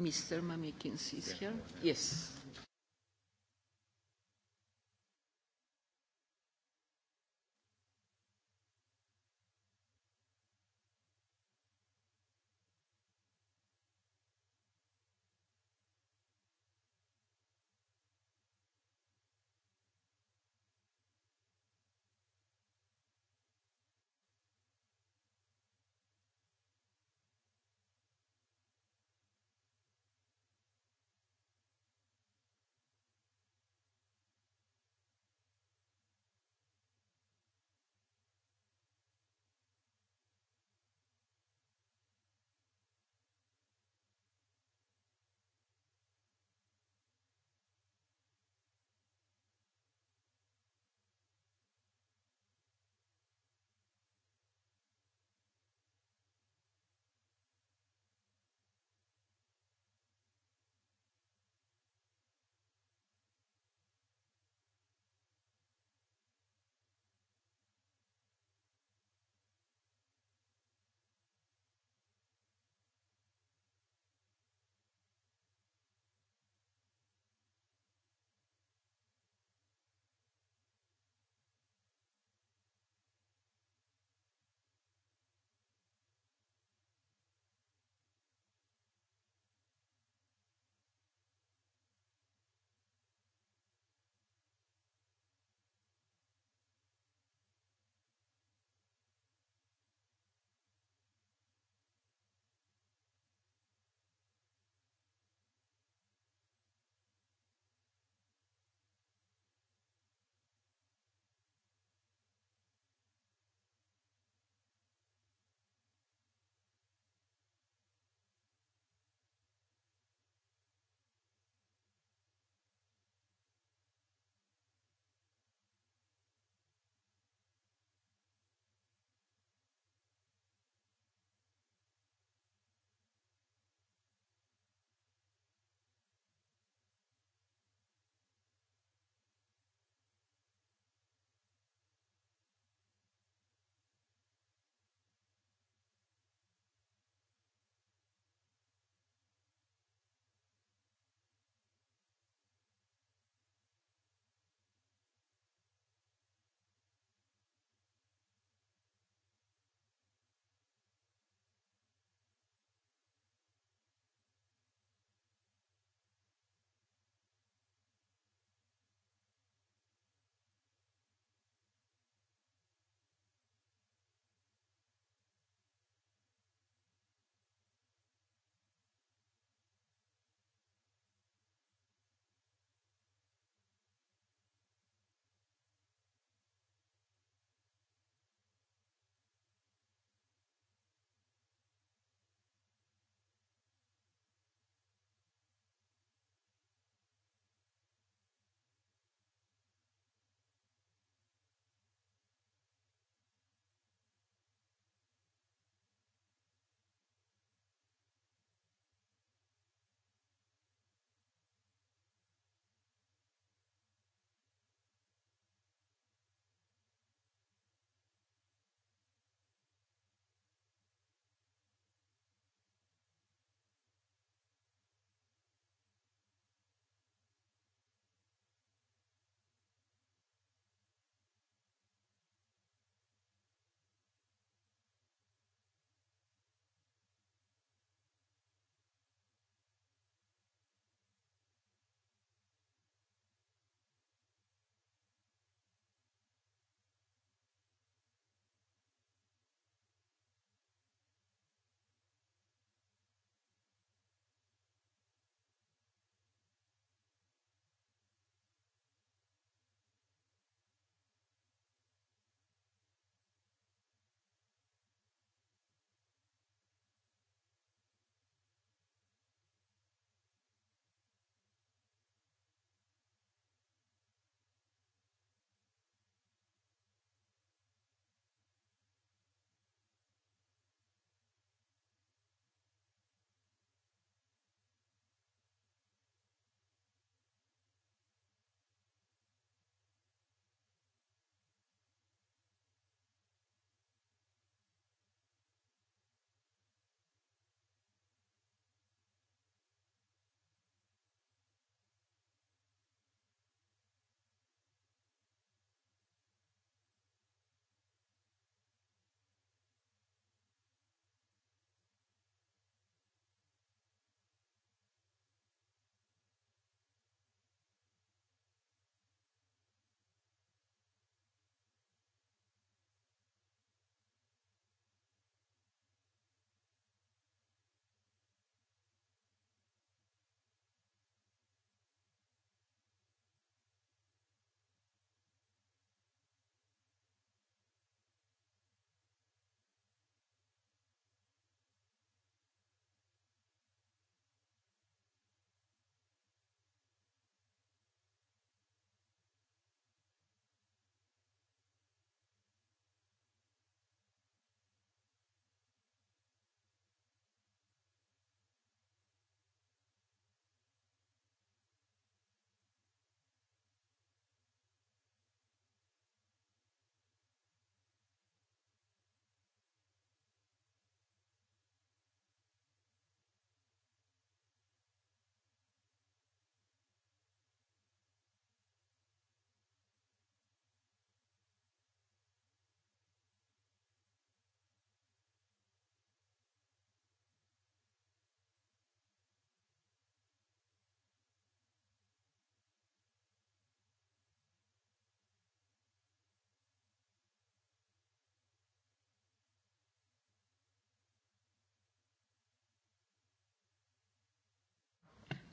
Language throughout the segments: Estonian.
Mr. Mamikins is here. Yes.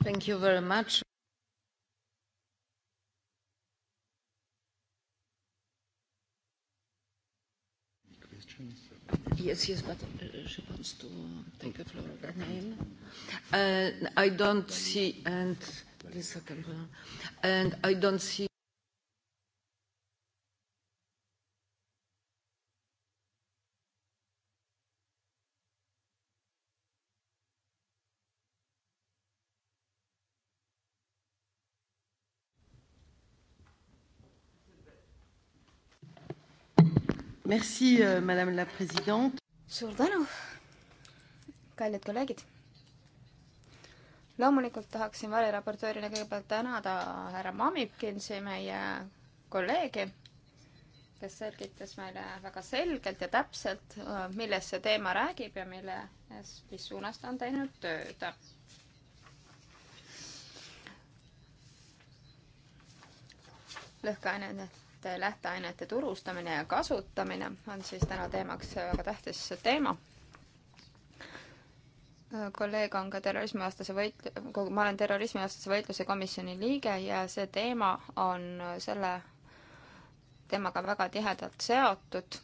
Thank you very much. Yes, yes, but uh, she wants to take a floor again. Uh, I don't see, and this second one, uh, and I don't see. Merci, euh, madame la president. suur tänu, kallid kolleegid. loomulikult tahaksin variraportöörina kõigepealt tänada härra Mamikins, meie kolleegi, kes selgitas meile väga selgelt ja täpselt, äh, millest see teema räägib ja mille, mis suunas ta on teinud tööd lõhkeained uute lähteainete turustamine ja kasutamine on siis täna teemaks väga tähtis teema. kolleeg on ka terrorismivastase võit-, ma olen terrorismivastase võitluse komisjoni liige ja see teema on selle teemaga väga tihedalt seotud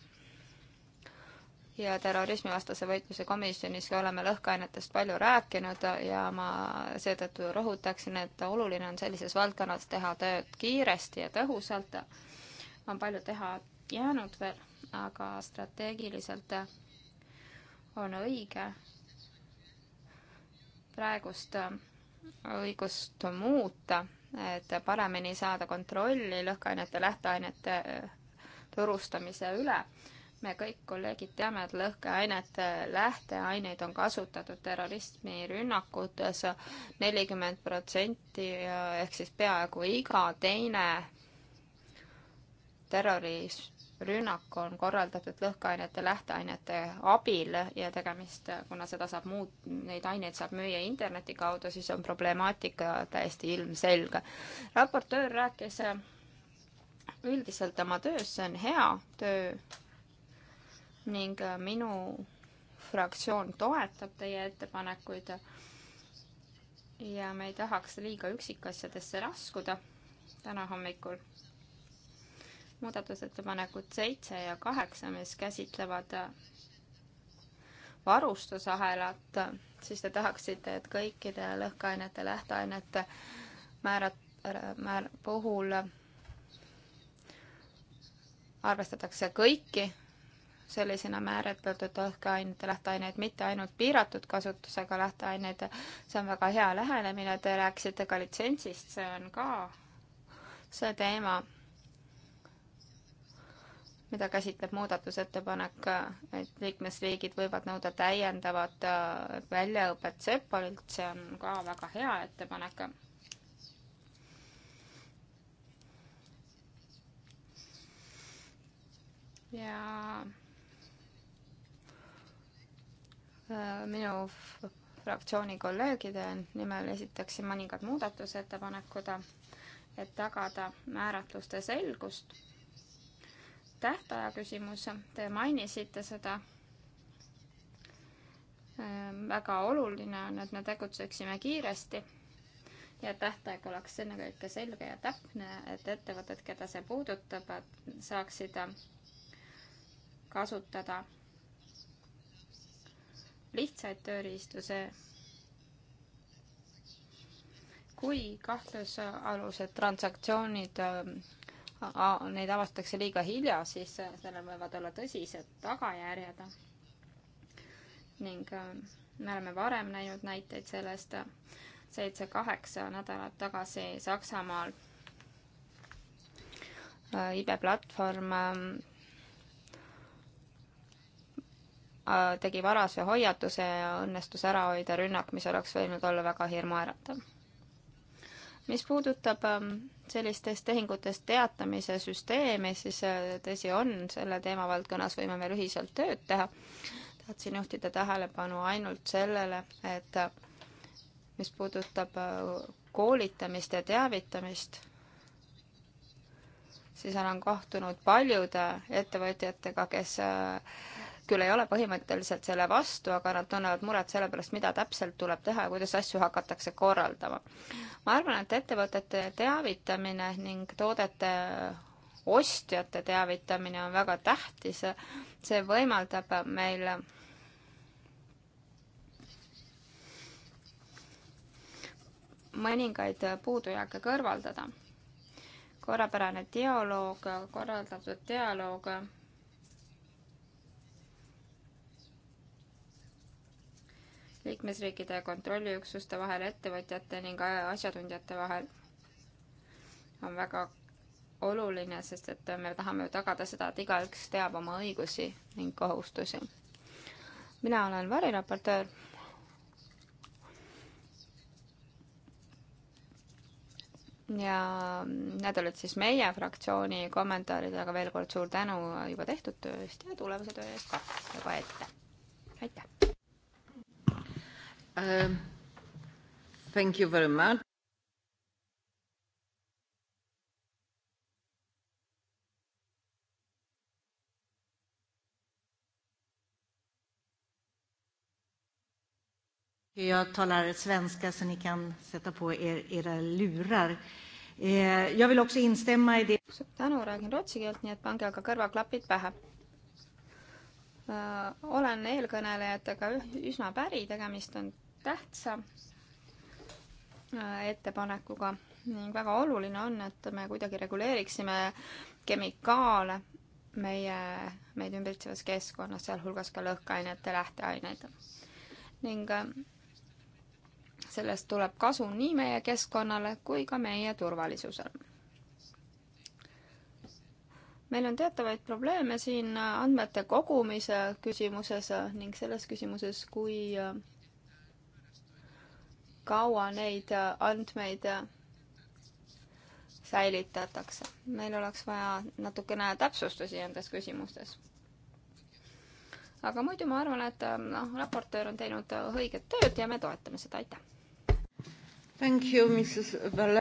ja terrorismivastase võitluse komisjonis oleme lõhkeainetest palju rääkinud ja ma seetõttu rõhutaksin, et oluline on sellises valdkonnas teha tööd kiiresti ja tõhusalt on palju teha jäänud veel, aga strateegiliselt on õige praegust õigust muuta, et paremini saada kontrolli lõhkeainete, lähteainete turustamise üle. me kõik kolleegid teame, et lõhkeainete lähteaineid on kasutatud terrorismirünnakutes nelikümmend protsenti ehk siis peaaegu iga teine terrorirünnak on korraldatud lõhkeainete, lähteainete abil ja tegemist, kuna seda saab muud, neid aineid saab müüa interneti kaudu, siis on problemaatika täiesti ilmselge. raportöör rääkis üldiselt oma töös, see on hea töö ning minu fraktsioon toetab teie ettepanekuid ja me ei tahaks liiga üksikasjadesse laskuda täna hommikul muudatusettepanekud seitse ja kaheksa, mis käsitlevad varustusahelat, siis te tahaksite, et kõikide lõhkeainete, lähteainete määrad, määr-, puhul arvestatakse kõiki sellisena määratletud lõhkeainete lähteaineid, mitte ainult piiratud kasutusega lähteaineid. see on väga hea lähenemine, te rääkisite ka litsentsist, see on ka see teema mida käsitleb muudatusettepanek, et liikmesriigid võivad nõuda täiendavat äh, väljaõpet Sepolilt, see on ka väga hea ettepanek. ja äh, minu fraktsiooni kolleegide nimel esitaksin mõningad muudatusettepanekud, et tagada määratluste selgust tähtaja küsimus, te mainisite seda. Ehm, väga oluline on, et me tegutseksime kiiresti ja tähtaeg oleks ennekõike selge ja täpne, et ettevõtted, keda see puudutab, saaksid kasutada lihtsaid tööriistu, see kui kahtlusalused transaktsioonid ehm, aga neid avastatakse liiga hilja, siis äh, sellel võivad olla tõsised tagajärjed. ning äh, me oleme varem näinud näiteid sellest äh, seitse-kaheksa nädalat tagasi Saksamaal IBE platvorm tegi varase hoiatuse ja õnnestus ära hoida rünnak, mis oleks võinud olla väga hirmuäratav. mis puudutab ähm, sellistest tehingutest teatamise süsteemi, siis äh, tõsi on, selle teemavaldkonnas võime veel ühiselt tööd teha. tahtsin juhtida tähelepanu ainult sellele, et äh, mis puudutab äh, koolitamist ja teavitamist, siis olen kohtunud paljude ettevõtjatega, kes küll ei ole põhimõtteliselt selle vastu, aga nad tunnevad muret selle pärast, mida täpselt tuleb teha ja kuidas asju hakatakse korraldama. ma arvan, et ettevõtete teavitamine ning toodete ostjate teavitamine on väga tähtis, see võimaldab meil mõningaid puudujääke kõrvaldada. korrapärane dialoog, korraldatud dialoog liikmesriikide kontrolliüksuste vahel, ettevõtjate ning asjatundjate vahel on väga oluline, sest et me tahame ju tagada seda, et igaüks teab oma õigusi ning kohustusi. mina olen variraportöör. ja need olid siis meie fraktsiooni kommentaarid, aga veel kord suur tänu juba tehtud töö eest ja tulevase töö eest ka juba ette. aitäh! Um, thank you very much. Jag talar svenska så ni kan sätta på er era lurar. Eh, jag vill också instämma i det. Suur tänu, räägin rootsi keelt, nii et pange aga kõrvaklapid pähe. Äh, olen eelkõnelejatega üsna päri, tegemist on tähtsa äh, ettepanekuga ning väga oluline on, et me kuidagi reguleeriksime kemikaale meie, meid ümbritsevas keskkonnas, sealhulgas ka lõhkeainete lähteaineid. ning äh, sellest tuleb kasu nii meie keskkonnale kui ka meie turvalisusele meil on teatavaid probleeme siin äh, andmete kogumise küsimuses äh, ning selles küsimuses, kui äh, kaua neid andmeid säilitatakse. meil oleks vaja natukene täpsustusi nendes küsimustes. aga muidu ma arvan, et noh, raportöör on teinud õiget tööd ja me toetame seda, aitäh! Thank you, Mrs Valle.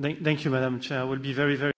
Thank you, Madam Chair. I will be very, very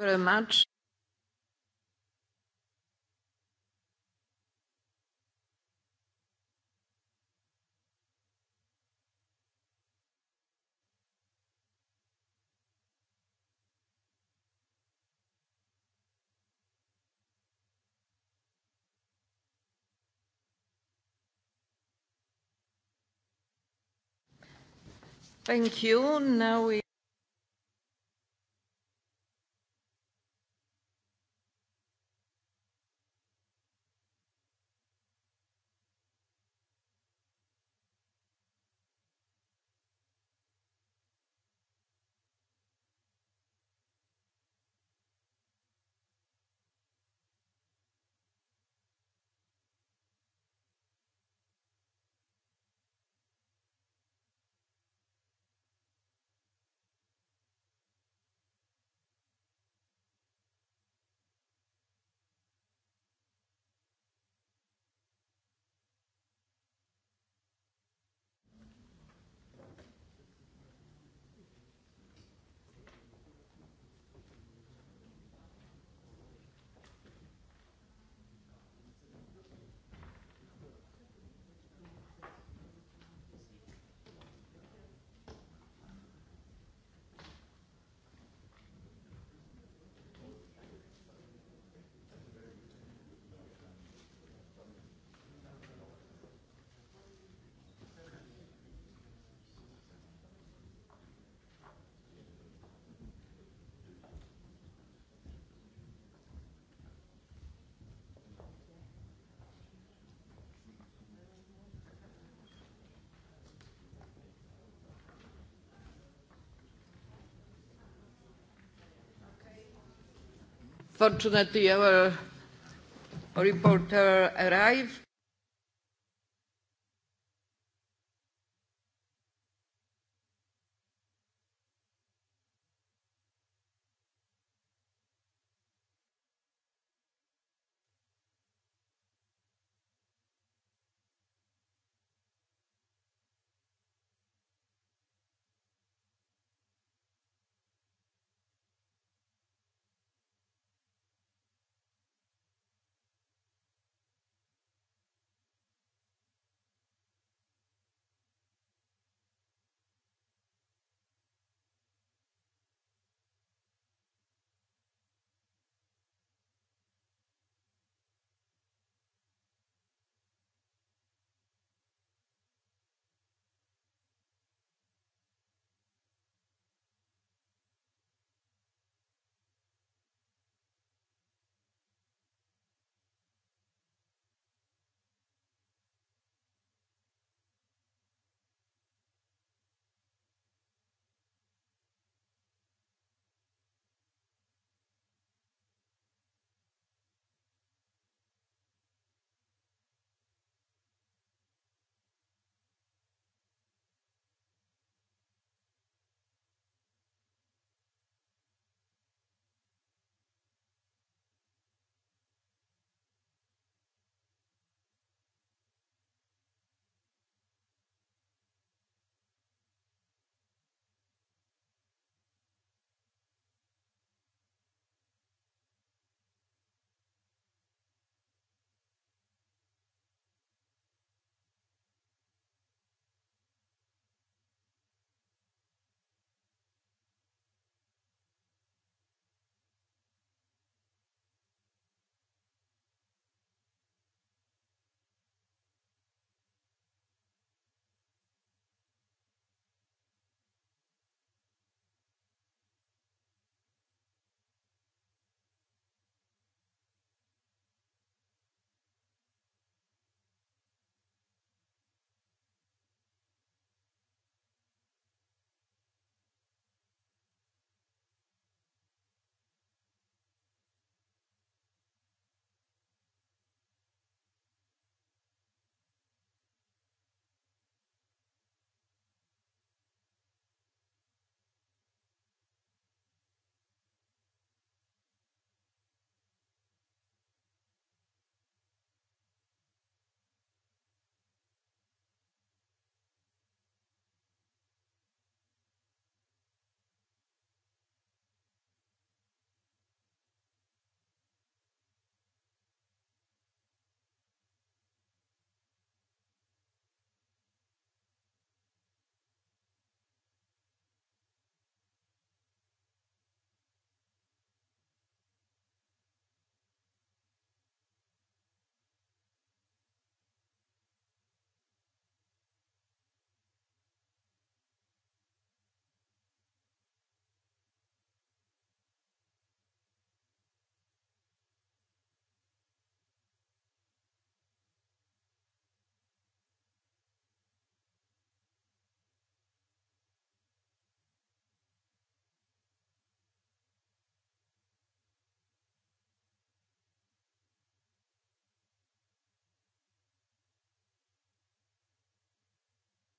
very much. Thank you. Now we Fortunately, our reporter arrived.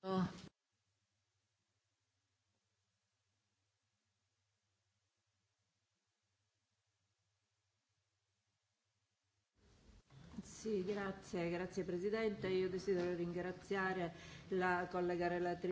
oh.. Sì, grazie, grazie Presidente. Io desidero ringraziare la collega relatrice.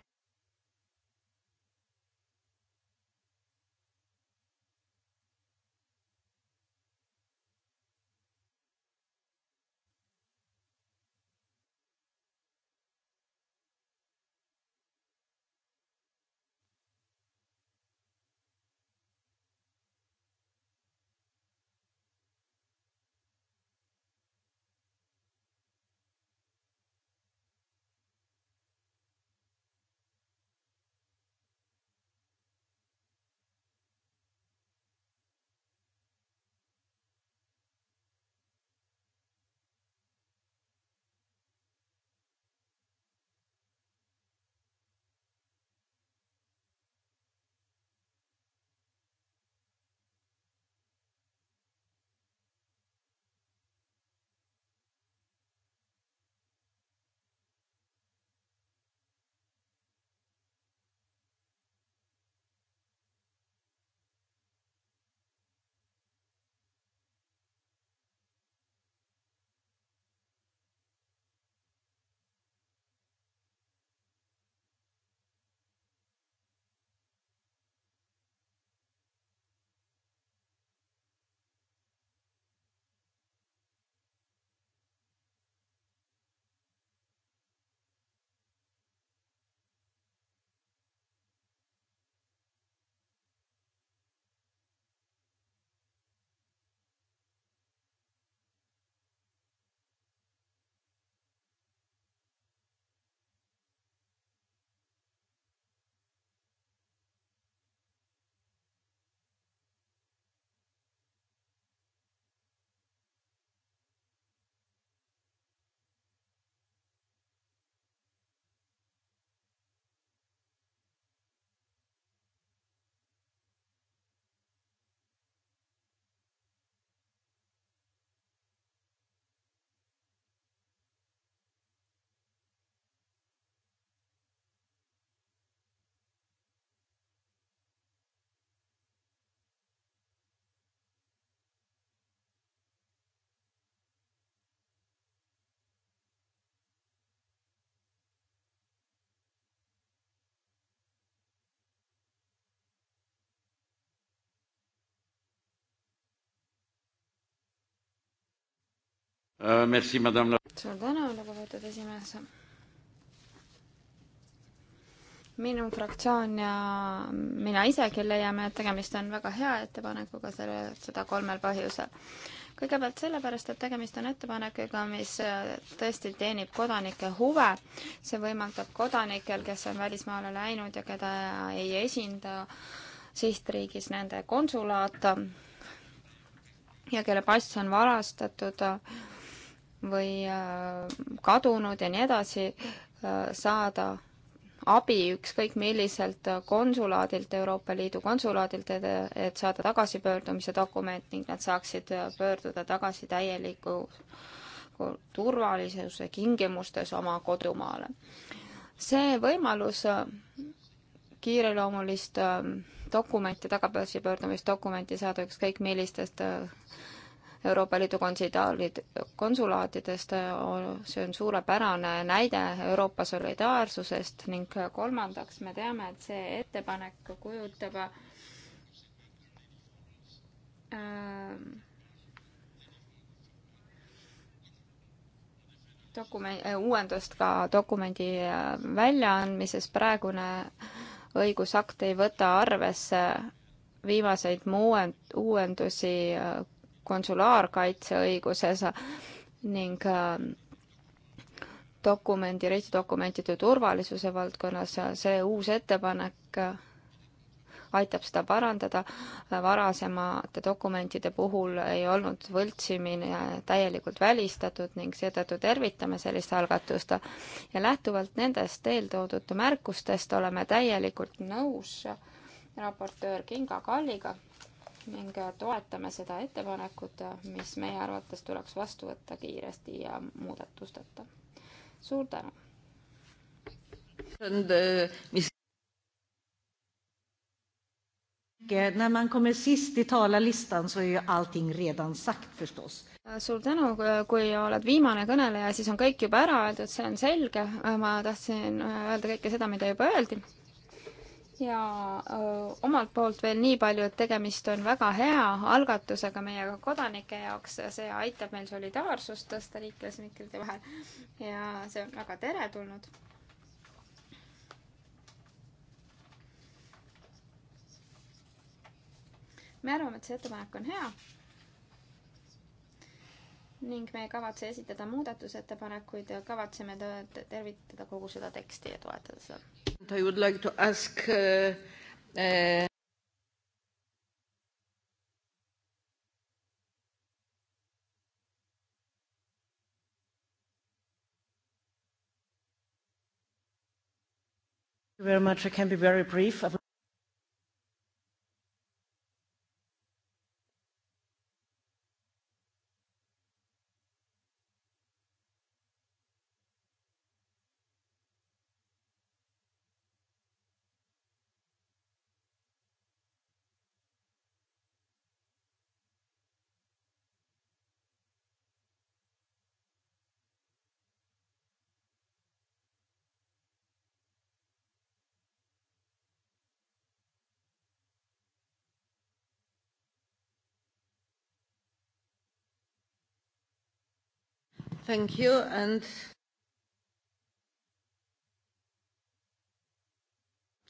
Euh, suur tänu, lugupeetud esimees. minu fraktsioon ja mina isegi leiame, et tegemist on väga hea ettepanekuga, selle, seda kolmel põhjusel kõigepealt sellepärast, et tegemist on ettepanekuga, mis äh, tõesti teenib kodanike huve. see võimaldab kodanikel, kes on välismaale läinud ja keda ei esinda sihtriigis nende konsulaat ja kelle pass on varastatud, või äh, kadunud ja nii edasi, äh, saada abi ükskõik milliselt äh, konsulaadilt, Euroopa Liidu konsulaadilt, et saada tagasipöördumise dokument ning nad saaksid pöörduda tagasi täieliku turvalisuse tingimustes oma kodumaale. see võimalus kiireloomulist dokumenti, tagasipöördumisdokumenti saada ükskõik millistest Euroopa Liidu konsidaalid, konsulaatidest, see on suurepärane näide Euroopa solidaarsusest ning kolmandaks me teame, et see ettepanek kujutab ähm, dokument, uuendust ka dokumendi ähm, väljaandmises, praegune õigusakt ei võta arvesse viimaseid muuen-, uuendusi äh, konsulaarkaitseõiguses ning äh, dokumendi, reisidokumentide turvalisuse valdkonnas, see uus ettepanek äh, aitab seda parandada, varasemate dokumentide puhul ei olnud võltsimine täielikult välistatud ning seetõttu tervitame sellist algatust. ja lähtuvalt nendest eeltoodud märkustest oleme täielikult nõus raportöör Kinga Kalliga, ning toetame seda ettepanekut, mis meie arvates tuleks vastu võtta kiiresti ja muudatusteta. suur tänu! Uh, När man kommer sist i talarlistan så är ju allting redan sagt förstås. suur tänu, kui oled viimane kõneleja, siis on kõik juba ära öeldud, see on selge. ma tahtsin öelda kõike seda, mida juba öeldi ja öö, omalt poolt veel nii palju, et tegemist on väga hea algatusega meie kodanike jaoks ja see aitab meil solidaarsust tõsta liikmesriikide vahel. ja see on väga teretulnud. me arvame, et see ettepanek on hea. ning me ei kavatse esitada muudatusettepanekuid ja kavatseme tervitada kogu seda teksti ja toetada seda but I would like to ask uh, uh, very much. I can be very brief. Thank you and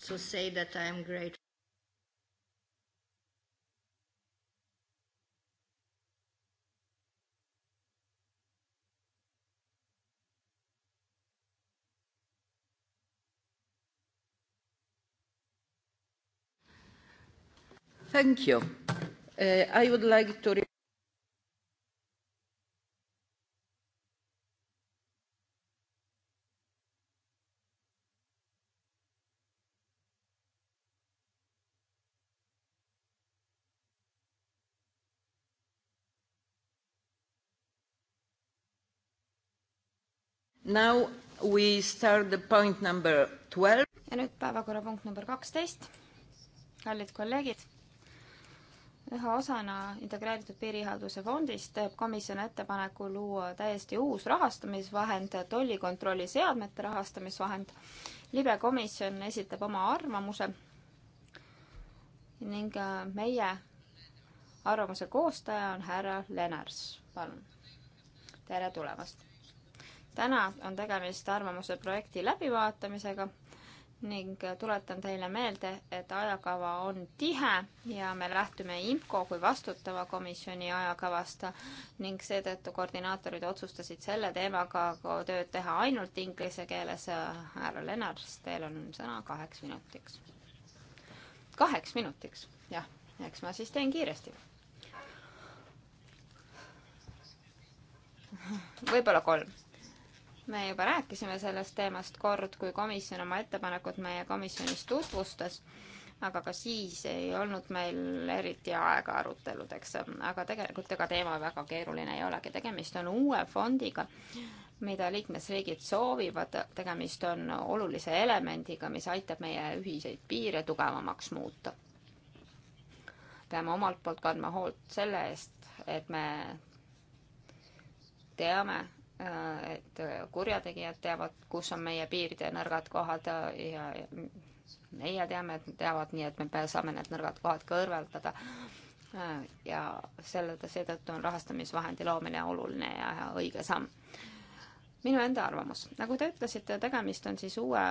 to say that I am grateful. Thank you. Uh, I would like to Now we start the point number twelve. ja nüüd päevakorrapunkt number kaksteist. kallid kolleegid, ühe osana integreeritud piirihalduse fondist teeb komisjon ettepaneku luua täiesti uus rahastamisvahend, tollikontrolli seadmete rahastamisvahend. libe komisjon esitab oma arvamuse ning äh, meie arvamuse koostaja on härra Lennars, palun. tere tulemast täna on tegemist arvamuse projekti läbivaatamisega ning tuletan teile meelde, et ajakava on tihe ja me lähtume IMCO kui vastutava komisjoni ajakavast ning seetõttu koordinaatorid otsustasid selle teemaga tööd teha ainult inglise keeles. härra Lennart, teil on sõna kaheks minutiks. kaheks minutiks, jah, eks ma siis teen kiiresti. võib-olla kolm me juba rääkisime sellest teemast kord, kui komisjon oma ettepanekut meie komisjonis tutvustas, aga ka siis ei olnud meil eriti aega aruteludeks. aga tegelikult ega teema väga keeruline ei olegi, tegemist on uue fondiga, mida liikmesriigid soovivad, tegemist on olulise elemendiga, mis aitab meie ühiseid piire tugevamaks muuta. peame omalt poolt kandma hoolt selle eest, et me teame, Äh, et äh, kurjategijad teavad, kus on meie piiride nõrgad kohad äh, ja meie teame, et nad teavad, nii et me saame need nõrgad kohad kõrvaldada. ja selle, seetõttu on rahastamisvahendi loomine oluline ja õige samm. minu enda arvamus, nagu te ütlesite, tegemist on siis uue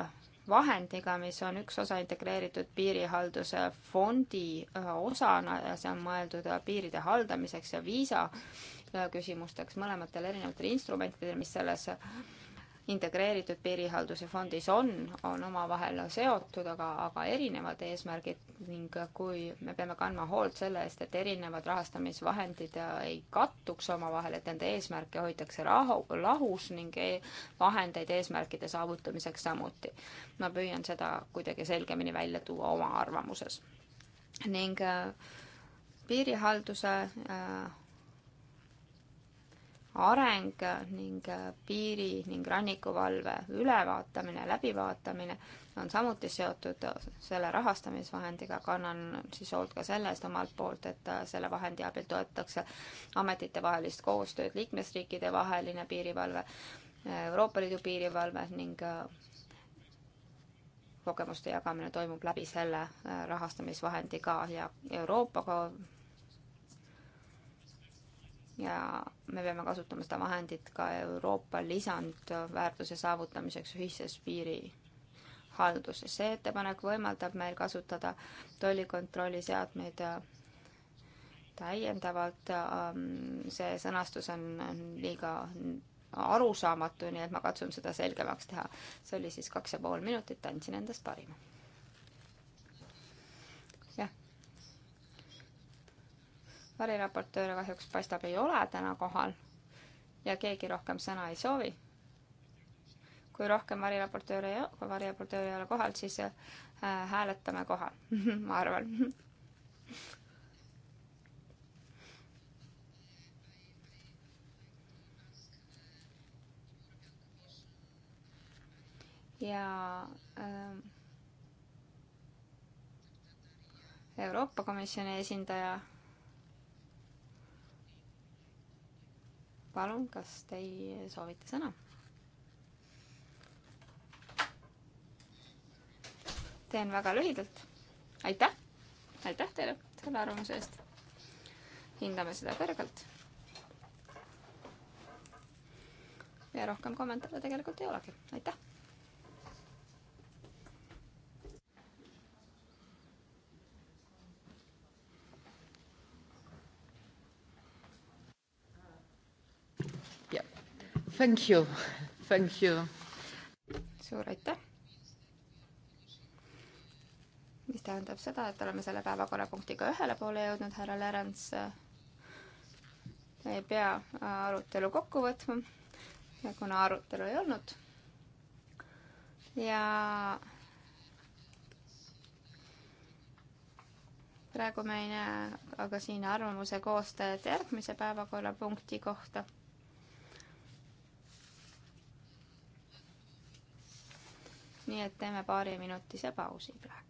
vahendiga, mis on üks osa integreeritud piirihalduse fondi äh, osana ja see on mõeldud äh, piiride haldamiseks ja viisa äh, küsimusteks, mõlematel erinevatel instrumentidel, mis selles integreeritud piirihalduse fondis on, on omavahel seotud, aga, aga erinevad eesmärgid ning kui me peame kandma hoolt selle eest, et erinevad rahastamisvahendid ei kattuks omavahel, et nende eesmärke hoitakse rahu, lahus ning e vahendeid eesmärkide saavutamiseks samuti. ma püüan seda kuidagi selgemini välja tuua oma arvamuses. ning äh, piirihalduse äh, areng ning piiri ning rannikuvalve ülevaatamine, läbivaatamine on samuti seotud selle rahastamisvahendiga, kannan siis hoolt ka selle eest omalt poolt, et selle vahendi abil toetatakse ametitevahelist koostööd, liikmesriikide vaheline piirivalve, Euroopa Liidu piirivalve ning kogemuste jagamine toimub läbi selle äh, rahastamisvahendi ka ja Euroopa ja me peame kasutama seda vahendit ka Euroopa lisandväärtuse saavutamiseks ühises piirihalduses. see ettepanek võimaldab meil kasutada tollikontrolliseadmeid äh, täiendavalt, äh, see sõnastus on liiga arusaamatu, nii et ma katsun seda selgemaks teha. see oli siis kaks ja pool minutit, andsin endast parima variraportööre kahjuks paistab ei ole täna kohal ja keegi rohkem sõna ei soovi. kui rohkem variraportööre ei, kui variraportööre ei ole kohal, siis äh, hääletame kohe ma arvan ja äh, Euroopa Komisjoni esindaja palun, kas teie soovite sõna? teen väga lühidalt. aitäh, aitäh teile selle arvamuse eest. hindame seda kõrgelt. ja rohkem kommentaare tegelikult ei olegi, aitäh Thank you, thank you. suur aitäh. mis tähendab seda, et oleme selle päevakorrapunktiga ühele poole jõudnud, härra Lärens ei pea äh, arutelu kokku võtma, kuna arutelu ei olnud. ja praegu me ei näe aga siin arvamuse koostajat järgmise päevakorrapunkti kohta nii et teeme paariminutise pausi praegu.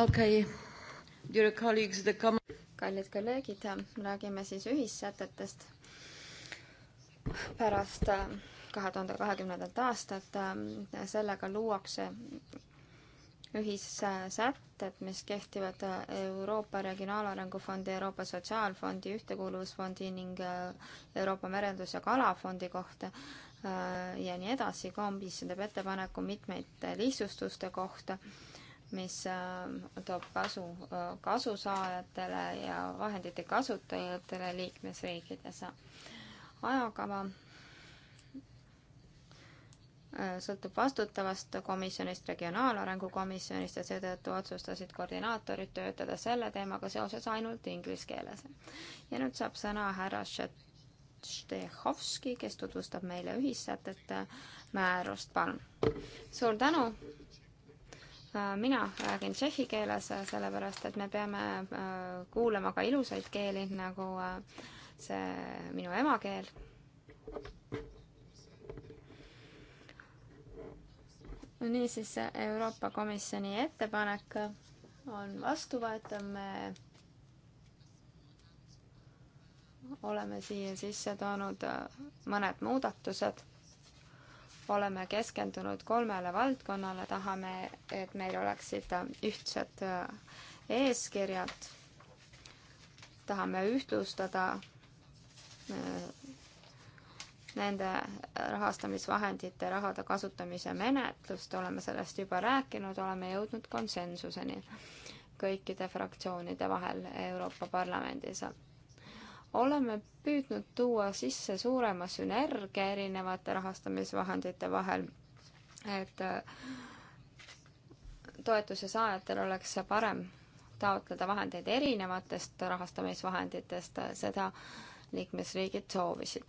okei okay., dear colleagues, the com-. kallid kolleegid, räägime siis ühissätetest pärast äh, kahe tuhande kahekümnendat aastat. Äh, sellega luuakse ühissätted, mis kehtivad äh, Euroopa Regionaalarengu Fondi, Euroopa Sotsiaalfondi, Ühtekuuluvusfondi ning Euroopa Merendus- ja Kalafondi kohta ja nii edasi. komisjon teeb ettepaneku mitmeid lihtsustuste kohta mis äh, toob kasu äh, kasusaajatele ja vahendite kasutajatele liikmesriikides. ajakava äh, sõltub vastutavast komisjonist, regionaalarengu komisjonist ja seetõttu otsustasid koordinaatorid töötada selle teemaga seoses ainult inglise keeles. ja nüüd saab sõna härra Štehovski, kes tutvustab meile ühissätete määrust, palun. suur tänu, Äh, mina räägin tšehhi keeles, äh, sellepärast et me peame äh, kuulama ka ilusaid keeli, nagu see minu emakeel. niisiis, Euroopa Komisjoni ettepanek on vastuvõetav, me oleme siia sisse toonud mõned muudatused oleme keskendunud kolmele valdkonnale, tahame, et meil oleksid ühtsed äh, eeskirjad, tahame ühtlustada äh, nende rahastamisvahendite rahade kasutamise menetlust, oleme sellest juba rääkinud, oleme jõudnud konsensuseni kõikide fraktsioonide vahel Euroopa Parlamendis oleme püüdnud tuua sisse suurema sünergia erinevate rahastamisvahendite vahel, et äh, toetuse saajatel oleks parem taotleda vahendeid erinevatest rahastamisvahenditest, äh, seda liikmesriigid soovisid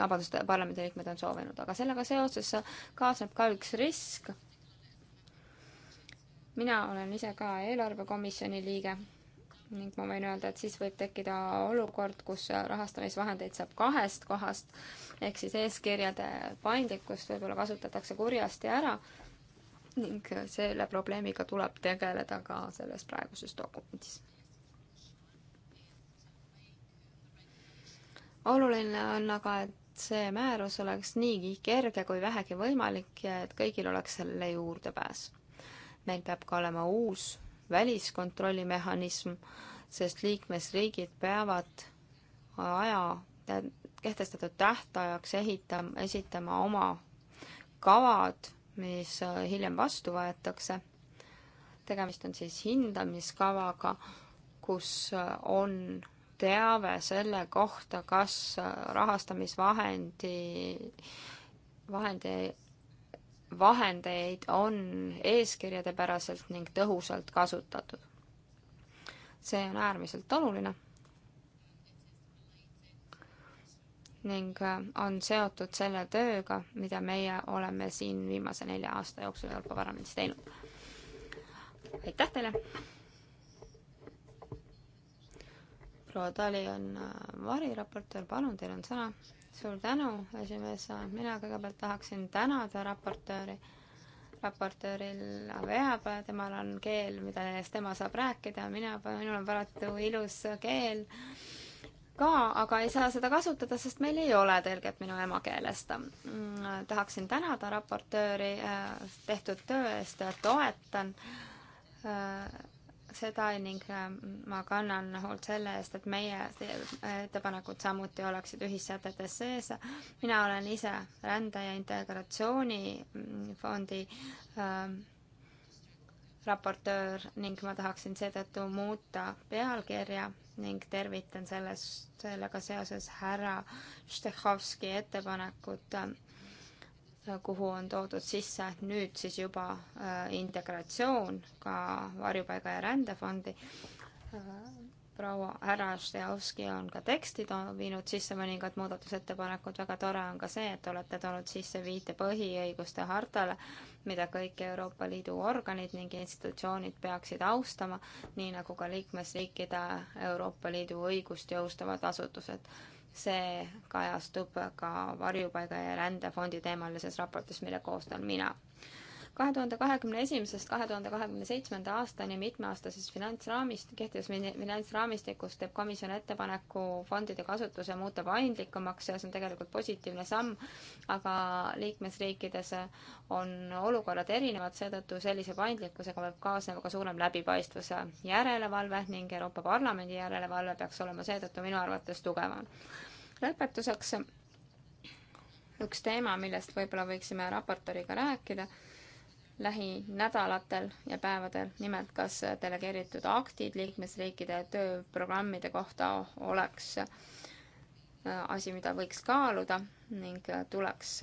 vabandust, parlamendiliikmed on soovinud, aga sellega seoses kaasneb ka üks risk. mina olen ise ka eelarvekomisjoni liige ning ma võin öelda, et siis võib tekkida olukord, kus rahastamisvahendeid saab kahest kohast, ehk siis eeskirjade paindlikkust võib-olla kasutatakse kurjasti ära ning selle probleemiga tuleb tegeleda ka selles praeguses dokumendis. oluline on aga, et see määrus oleks niigi kerge kui vähegi võimalik ja et kõigil oleks sellele juurdepääs. meil peab ka olema uus väliskontrollimehhanism, sest liikmesriigid peavad aja, kehtestatud tähtajaks ehitama, esitama oma kavad, mis äh, hiljem vastu võetakse. tegemist on siis hindamiskavaga, kus äh, on teave selle kohta, kas äh, rahastamisvahendi, vahendi vahendeid on eeskirjadepäraselt ning tõhusalt kasutatud. see on äärmiselt oluline ning äh, on seotud selle tööga, mida meie oleme siin viimase nelja aasta jooksul Euroopa Parlamendis teinud. aitäh teile! proua Tali on äh, variraportöör, palun, teil on sõna suur tänu, esimees, mina kõigepealt tahaksin tänada raportööri, raportööril veab, temal on keel, millest tema saab rääkida, mina, minul on paratu ilus keel ka, aga ei saa seda kasutada, sest meil ei ole tõlget minu emakeelest. Mm, tahaksin tänada raportööri äh, tehtud töö eest, toetan äh, seda ning äh, ma kannan hoolt selle eest, et meie ettepanekud samuti oleksid ühissätetes sees. mina olen ise rände- ja integratsioonifondi mm, ähm, raportöör ning ma tahaksin seetõttu muuta pealkirja ning tervitan selles, sellega seoses härra Štehhovski ettepanekut äh, kuhu on toodud sisse nüüd siis juba äh, integratsioon ka varjupaiga ja rändefondi. Äh, proua härra Štejovski on ka teksti viinud sisse mõningad muudatusettepanekud, väga tore on ka see, et olete toonud sisse viite põhiõiguste hartale, mida kõik Euroopa Liidu organid ning institutsioonid peaksid austama, nii nagu ka liikmesriikide Euroopa Liidu õigust jõustavad asutused see kajastub ka varjupaiga ja rändefondi teemalises raportis, mille koostan mina kahe tuhande kahekümne esimesest kahe tuhande kahekümne seitsmenda aastani mitmeaastases finantsraamist, kehtivas finantsraamistikus teeb komisjon ettepaneku fondide kasutuse muuta paindlikumaks ja see on tegelikult positiivne samm, aga liikmesriikides on olukorrad erinevad, seetõttu sellise paindlikkusega peab kaasnema ka suurem läbipaistvus ja järelevalve ning Euroopa Parlamendi järelevalve peaks olema seetõttu minu arvates tugevam. lõpetuseks üks teema, millest võib-olla võiksime raportööriga rääkida lähinädalatel ja päevadel, nimelt kas delegeeritud aktid liikmesriikide tööprogrammide kohta oleks äh, asi, mida võiks kaaluda ning äh, tuleks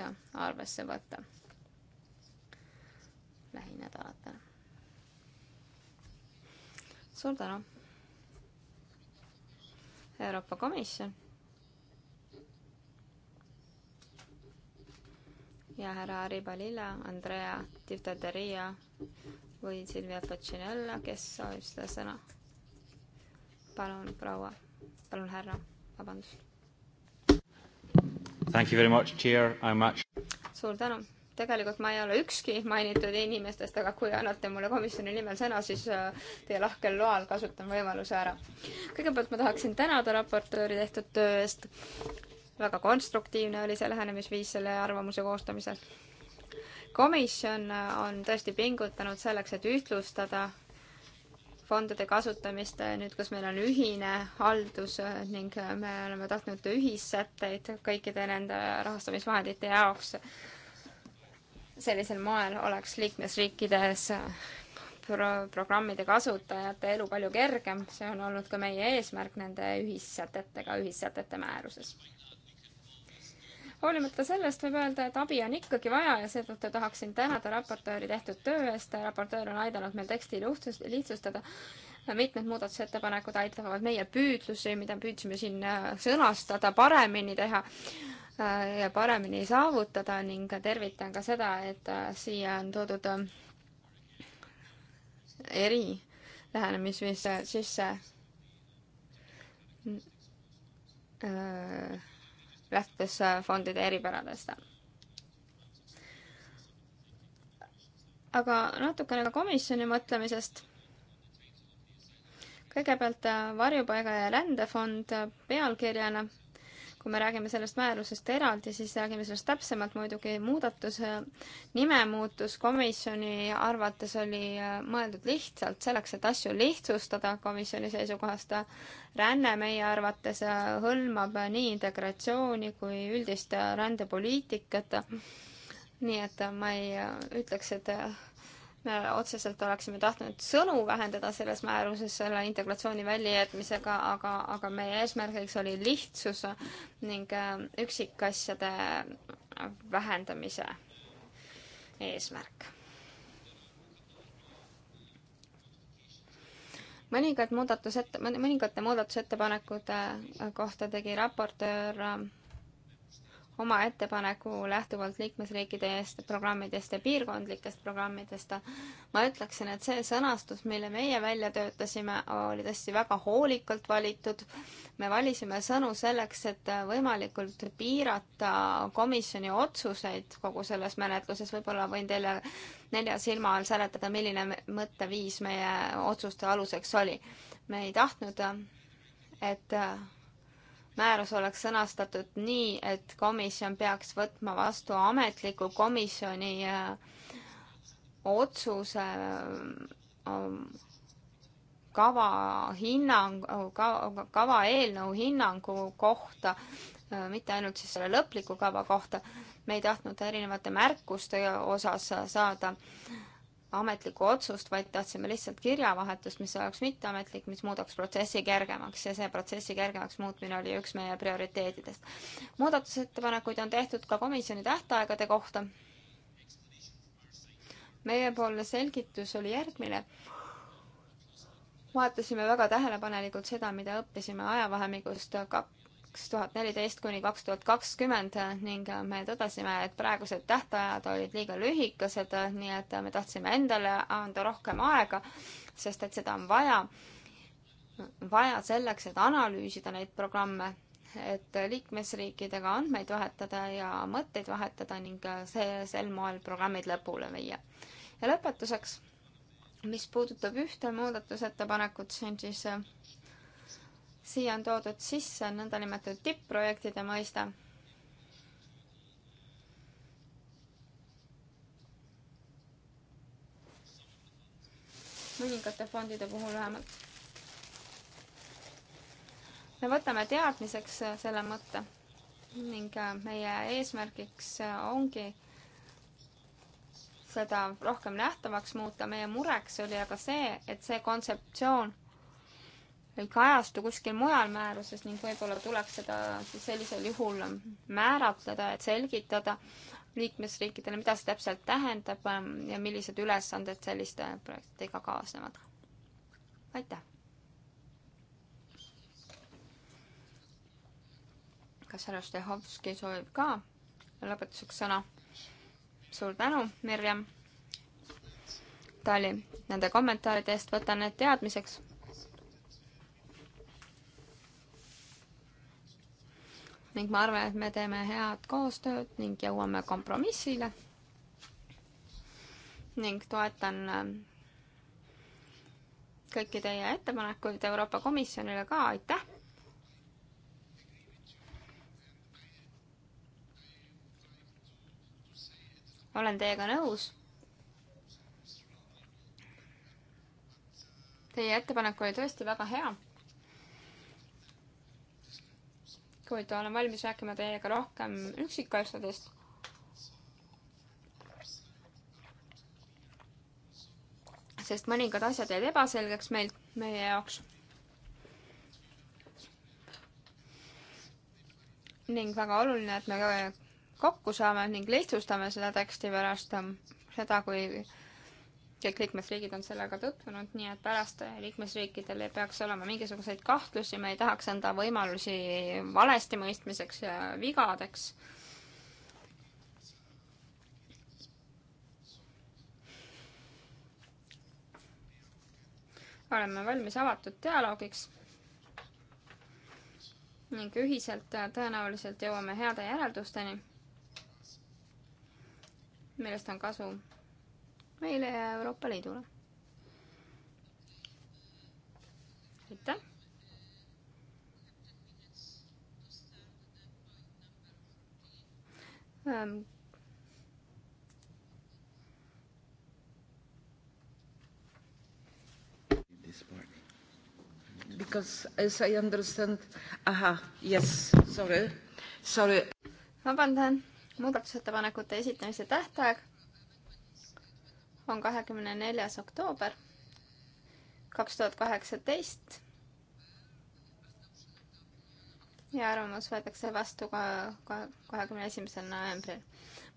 arvesse võtta lähinädalatel. suur tänu! Euroopa Komisjon ja härra Aribalila, Andrea Tiftaderia või Silvia Facinella, kes soovib seda sõna? palun, proua, palun, härra, vabandust. Thank you very much, chair, I am actually. suur tänu. tegelikult ma ei ole ükski mainitud inimestest, aga kui annate mulle komisjoni nimel sõna, siis äh, teie lahkel loal kasutan võimaluse ära. kõigepealt ma tahaksin tänada raportööri tehtud töö eest väga konstruktiivne oli see lähenemisviis selle arvamuse koostamisel. komisjon äh, on tõesti pingutanud selleks, et ühtlustada fondade kasutamist äh, nüüd, kus meil on ühine haldus äh, ning me oleme tahtnud ühissätteid kõikide nende rahastamisvahendite jaoks. sellisel moel oleks liikmesriikides pro-, programmide kasutajate elu palju kergem, see on olnud ka meie eesmärk nende ühissätetega, ühissätete määruses hoolimata sellest võib öelda, et abi on ikkagi vaja ja seetõttu tahaksin tänada raportööri tehtud töö eest. raportöör on aidanud meil teksti lihtsustada. mitmed muudatusettepanekud aitavad meie püüdlusi, mida püüdsime siin äh, sõnastada, paremini teha äh, ja paremini saavutada ning tervitan ka seda, et äh, siia on toodud eri lähenemisviis sisse lähtudes fondide eripäradest. aga natukene ka komisjoni mõtlemisest. kõigepealt äh, varjupaiga ja rändefond äh, pealkirjana kui me räägime sellest määrusest eraldi, siis räägime sellest täpsemalt muidugi. muudatuse äh, nimemuutus komisjoni arvates oli äh, mõeldud lihtsalt selleks, et asju lihtsustada komisjoni seisukohast. ränne meie arvates äh, hõlmab nii integratsiooni kui üldist rändepoliitikat. nii et ma ei ütleks, et me otseselt oleksime tahtnud sõnu vähendada selles määruses selle integratsiooni väljajätmisega, aga, aga meie eesmärgiks oli lihtsus ning äh, üksikasjade vähendamise eesmärk. mõningad muudatusette-, mõningate muudatusettepanekute kohta tegi raportöör äh, oma ettepaneku lähtuvalt liikmesriikide eest programmidest ja piirkondlikest programmidest. ma ütleksin, et see sõnastus, mille meie välja töötasime, oli tõesti väga hoolikalt valitud. me valisime sõnu selleks, et võimalikult piirata komisjoni otsuseid kogu selles menetluses, võib-olla võin teile nelja silma all seletada, milline mõtteviis meie otsuste aluseks oli. me ei tahtnud, et määrus oleks sõnastatud nii, et komisjon peaks võtma vastu ametliku komisjoni äh, otsuse ähm, kava hinnang, kava, kava eelnõu hinnangu kohta, äh, mitte ainult siis selle lõpliku kava kohta, me ei tahtnud erinevate märkuste osas saada äh, ametlikku otsust, vaid tahtsime lihtsalt kirjavahetust, mis oleks mitteametlik, mis muudaks protsessi kergemaks ja see protsessi kergemaks muutmine oli üks meie prioriteetidest. muudatusettepanekuid on tehtud ka komisjoni tähtaegade kohta. meiepoolne selgitus oli järgmine. vaatasime väga tähelepanelikult seda, mida õppisime ajavahemikust kak-, kaks tuhat neliteist kuni kaks tuhat kakskümmend ning me tõdesime, et praegused tähtajad olid liiga lühikesed, nii et me tahtsime endale anda rohkem aega, sest et seda on vaja, vaja selleks, et analüüsida neid programme, et liikmesriikidega andmeid vahetada ja mõtteid vahetada ning see, sel moel programmid lõpule viia. ja lõpetuseks, mis puudutab ühte muudatusettepanekut, see on siis siia on toodud sisse nõndanimetatud tipp-projektide mõiste mõningate fondide puhul vähemalt. me võtame teadmiseks selle mõtte ning meie eesmärgiks ongi seda rohkem nähtavaks muuta. meie mureks oli aga see, et see kontseptsioon ei kajastu kuskil mujal määruses ning võib-olla tuleks seda siis sellisel juhul määratleda, et selgitada liikmesriikidele, mida see täpselt tähendab ähm, ja millised ülesanded selliste projektidega kaasnevad. aitäh! kas härra Štehovski soovib ka lõpetuseks sõna? suur tänu, Mirjam! Tali nende kommentaaride eest, võtan need teadmiseks ning ma arvan, et me teeme head koostööd ning jõuame kompromissile. ning toetan äh, kõiki teie ettepanekuid Euroopa Komisjonile ka, aitäh! olen teiega nõus. Teie ettepanek oli tõesti väga hea kuid olen valmis rääkima teiega rohkem üksikasjadest. sest mõningad asjad jäid ebaselgeks meil, meie jaoks. ning väga oluline, et me kokku saame ning lihtsustame seda teksti pärast seda, kui kõik liikmesriigid on sellega tutvunud, nii et pärast liikmesriikidel ei peaks olema mingisuguseid kahtlusi, me ei tahaks anda võimalusi valesti mõistmiseks ja vigadeks. oleme valmis avatud dialoogiks ning ühiselt tõenäoliselt jõuame heade järeldusteni, millest on kasu meile ja Euroopa Liidule. aitäh! ähm, because as I understand, ahah, yes, sorry, sorry. vabandan, muudatusettepanekute esitamise tähtaeg on kahekümne neljas oktoober kaks tuhat kaheksateist. ja arvamus võetakse vastu ka kahekümne esimesel novembril.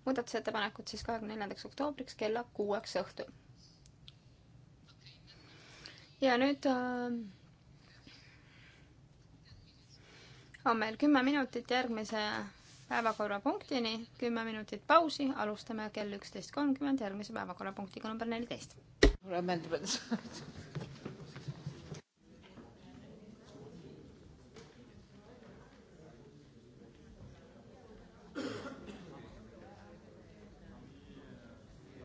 muudatusettepanekud siis kahekümne neljandaks oktoobriks kella kuueks õhtul. ja nüüd äh, on meil kümme minutit järgmise päevakorrapunktini, kümme minutit pausi, alustame kell üksteist kolmkümmend järgmise päevakorrapunktiga number neliteist.